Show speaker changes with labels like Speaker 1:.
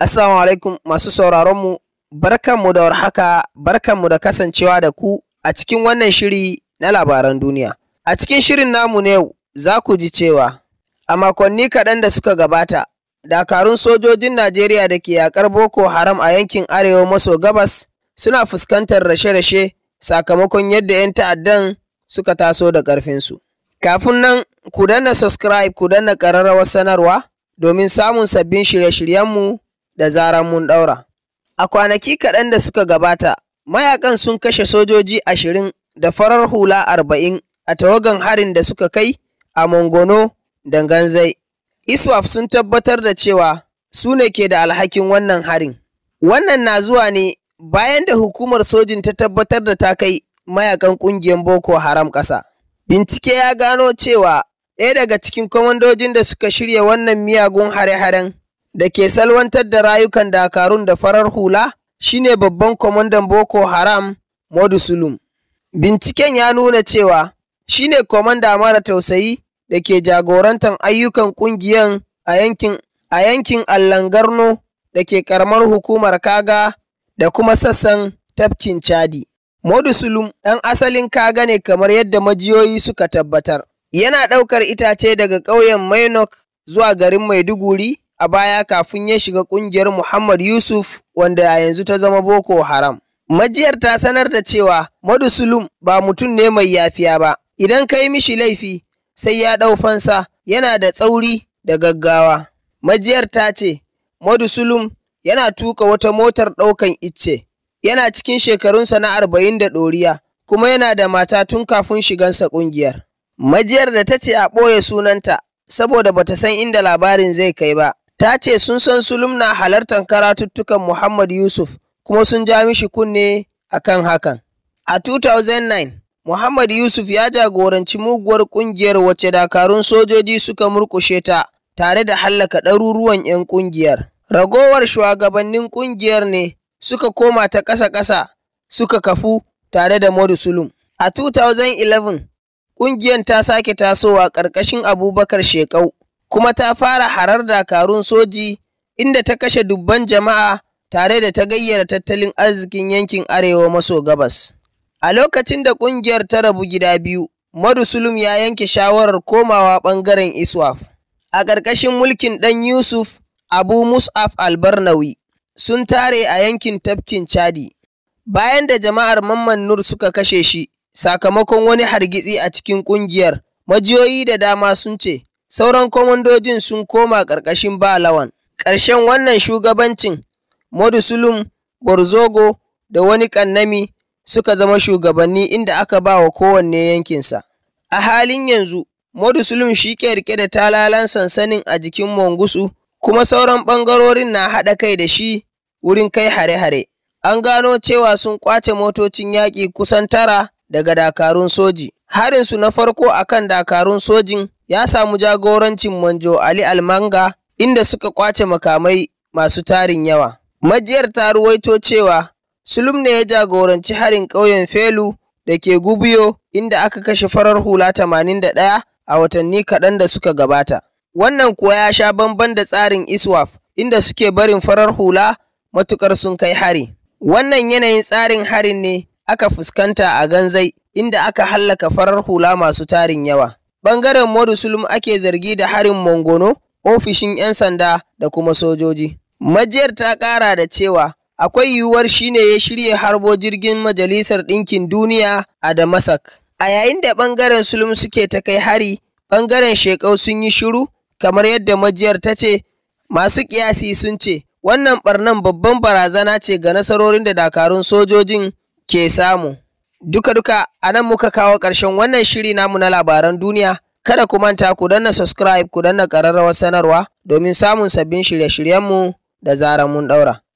Speaker 1: Assalamu alaikum masu sauraronmu, barkanmu da warhaka, barkanmu da kasancewa da ku a cikin wannan shiri na labaran duniya. A cikin shirin namu ne za ku ji cewa a makonni kaɗan da suka gabata, dakarun sojojin Najeriya da ke yakar Boko Haram a yankin Arewa maso gabas suna fuskantar rashe-rashe sakamakon yadda 'yan ta'addan suka taso da ƙarfinsu. Kafin nan, ku danna subscribe ku danna ƙararrawar sanarwa domin samun sabbin shirye-shiryenmu da zarar mun ɗaura. A kwanaki kaɗan da suka gabata, mayakan sun kashe sojoji ashirin da farar hula arba'in a tawagan harin da suka kai a Mongono da Ganzai. ISWAF sun tabbatar da cewa su ne ke da alhakin wannan harin. Wannan na zuwa ne bayan da hukumar sojin ta tabbatar da ta kai mayakan ƙungiyar Boko Haram ƙasa. Bincike ya gano cewa ɗaya daga cikin kwamandojin da suka shirya wannan miyagun hare-haren da ke salwantar da rayukan dakarun da farar hula shine babban kwamandan Boko Haram modu Sulum. Binciken ya nuna cewa shine kwamanda mara tausayi da ke jagorantar ayyukan ƙungiyar a yankin a yankin Allangarno da ke karamar hukumar Kaga da kuma sassan tafkin Chadi. Sulum ɗan asalin Kaga ne kamar yadda majiyoyi suka tabbatar. Yana ɗaukar itace daga ƙauyen Mainok zuwa garin Maiduguri a baya kafin ya shiga ƙungiyar Muhammad Yusuf wanda a yanzu ta zama Boko Haram. Majiyar ta sanar da cewa Madusulum ba mutum ne mai yafiya ba, idan ka yi mishi laifi sai ya ɗau fansa yana da tsauri da gaggawa. Majiyar ta ce Madusulum yana tuka wata motar ɗaukan icce, yana cikin shekarunsa na arba'in da ɗoriya, kuma yana da mata tun kafin shigansa ƙungiyar. Majiyar da ta ce a ɓoye sunanta saboda bata san inda labarin zai kai ba. ta ce sun san sulum na halartar karatuttukan Muhammad Yusuf kuma sun ja mishi kunne a kan hakan. A 2009, Muhammad Yusuf ya jagoranci muguwar ƙungiyar wacce dakarun sojoji suka murƙushe ta tare da hallaka ɗaruruwan 'yan ƙungiyar. Ragowar shugabannin ƙungiyar ne suka koma ta ƙasa-ƙasa suka kafu tare da Modu Sulum. A 2011, ƙungiyar ta sake tasowa ƙarƙashin Abubakar Shekau kuma ta fara harar dakarun soji inda ta kashe dubban jama'a tare da ta gayyara tattalin arzikin yankin arewa maso gabas. A lokacin da ƙungiyar ta rabu gida biyu, Madusulum ya yanke shawarar komawa ɓangaren Iswaf. A ƙarƙashin mulkin ɗan Yusuf, Abu Mus'af Albarnawi sun tare a yankin tafkin Chadi. Bayan da jama'ar Mamman Nur suka kashe shi, sakamakon wani hargitsi a cikin ƙungiyar, majiyoyi da dama sun ce, Sauran kwamandojin sun koma ƙarƙashin balawan. Karshen Ƙarshen wannan shugabancin, Modusulum, Borzogo da wani ƙannami suka zama shugabanni inda aka ba wa kowanne yankinsa. A halin yanzu, Modusulum shi ke rike da talalan sansanin a jikin Mongusu, kuma sauran ɓangarorin na haɗa kai da shi wurin kai hare-hare. An gano cewa sun ƙwace motocin yaƙi kusan tara daga dakarun soji. Harinsu na farko akan dakarun sojin ya samu jagorancin Manjo Ali Almanga inda suka kwace makamai masu tarin yawa. Majiyar ta ruwaito cewa Sulum ne ya jagoranci harin ƙauyen Felu da ke Gubiyo inda aka kashe farar hula 81 a watanni kaɗan da suka gabata. Wannan kuwa ya sha bamban da tsarin ISWAF inda suke barin farar hula matukar sun kai hari. Wannan yanayin tsarin harin ne aka fuskanta a ganzai inda aka hallaka farar hula masu tarin yawa. Ɓangaren Modusulum ake zargi da harin Mongono, ofishin 'yan sanda da kuma sojoji. Majiyar ta ƙara da cewa akwai yiwuwar shine ya shirya harbo jirgin Majalisar Ɗinkin Duniya a Damasak. A yayin da ɓangaren Sulum suke ta kai hari, ɓangaren Shekau sun yi shiru, kamar yadda majiyar ta ce, masu ƙiyasi sun ce, wannan ɓarnan babban barazana ce ga nasarorin da dakarun sojojin ke samu. duka-duka a nan muka kawo ƙarshen wannan shiri namu na labaran duniya. Kada ku manta ku danna subscribe ku danna ƙararrawar sanarwa domin samun sabbin shirye-shiryenmu da zarar mun ɗaura.